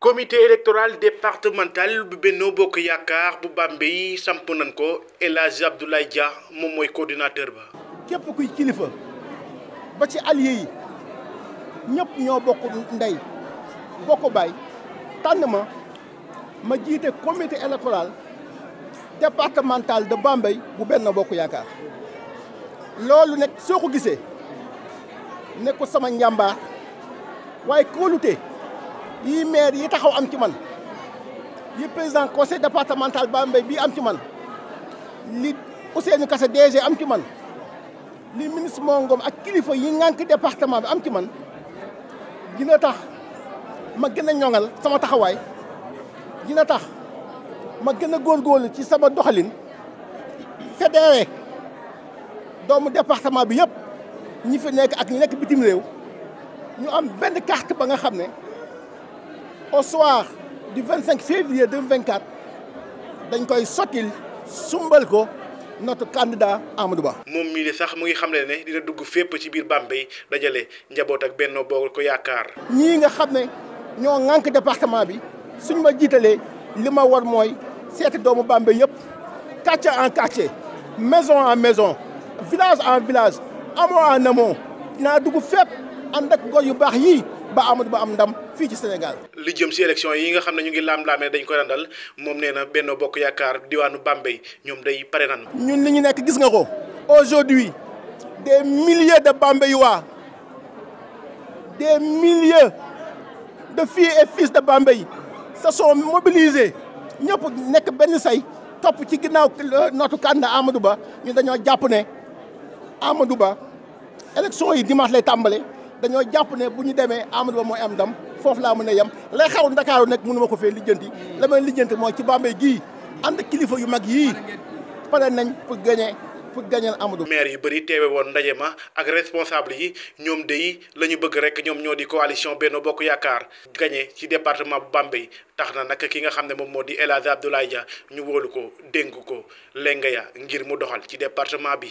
comité électoral départemental bu Benno Bokk Yaakaar bu Bambey samp nañ ko El Hadj Abdoulaye Dia moom mooy coordinateur ba. képp kuy kilifa ba ci allié yi ñëpp ñoo bokk ndey bokk bay tànn ma ma jiite comité électoral départemental de Bambey bu Benno Bokk Yaakaar loolu nag soo ko gisee ne nekkul sama njàmbaar waaye kóolute. yi maire yi taxaw am ci man yi président conseil départemental Bambey bii am ci man li Ousseynou kase DG am ci man li ministre Mongom ak kilifa yi ngànk département am ci man dina tax ma gën a sama taxawaay dina tax ma gën a góorgóorlu ci sama doxalin fédéré doomu département bi yëpp ñi fi nekk ak ñi nekk bitim réew ñu am benn carte ba nga xam ne di soir du 25 février 2024 dañ koy sottil sumbal ko notre candidat Amadou Ba. moom mii de sax mu ngi xamle ne dina dugg fépp ci biir Bambey dajale njaboot ak benn Benno ko Yaakaar. ñii nga xam ne ñoo ŋànk département bi suñ ma jiitalee li ma war mooy seeti doomu Bambey yëpp quartier en quartier maison en maison village en village amoo en amoo dinaa dugg fépp ànd ak góor yu baax yii. ba Amadou Ba am ndam fii ci Sénégal. li jëm si élection yi nga xam ne ñu ngi laam-laamee dañ koy randal moom nee na Benno Bokk Yaakaar diwaanu Bambey ñoom day pare nan ñun li ñu nekk gis nga ko aujourd'hui des milliers de Bambayois des milliers de filles et fils de Bambey se sont mobilisés ñëpp nekk benn say topp ci ginnaaw euh, nootu kànd Amadou Ba ñu dañoo jàpp ne Amadou Ba élection yi dimanche lay tàmbale dañoo jàpp ne bu ñu demee Amadou Ba mooy am dam foofu laa mën a yem lay xaw Ndakaaru nag mënu ko fee lijjanti la may lijjanti mooy ci Bambey gii ànd kilifa yu mag yii pare nañ pour gagner pour gagner Amadou maire yu bëri teewe woon ndaje ma ak responsable yi ñoom de la ñu bëgg rek ñoom ñoo di coalition benn Bokk Yaakaar gañe ci département bu Bambey tax na nag ki nga xam ne moom moo di El Hadj Abdoulaye ñu wóolu ko dénk ko lengaya ngir mu doxal ci département bi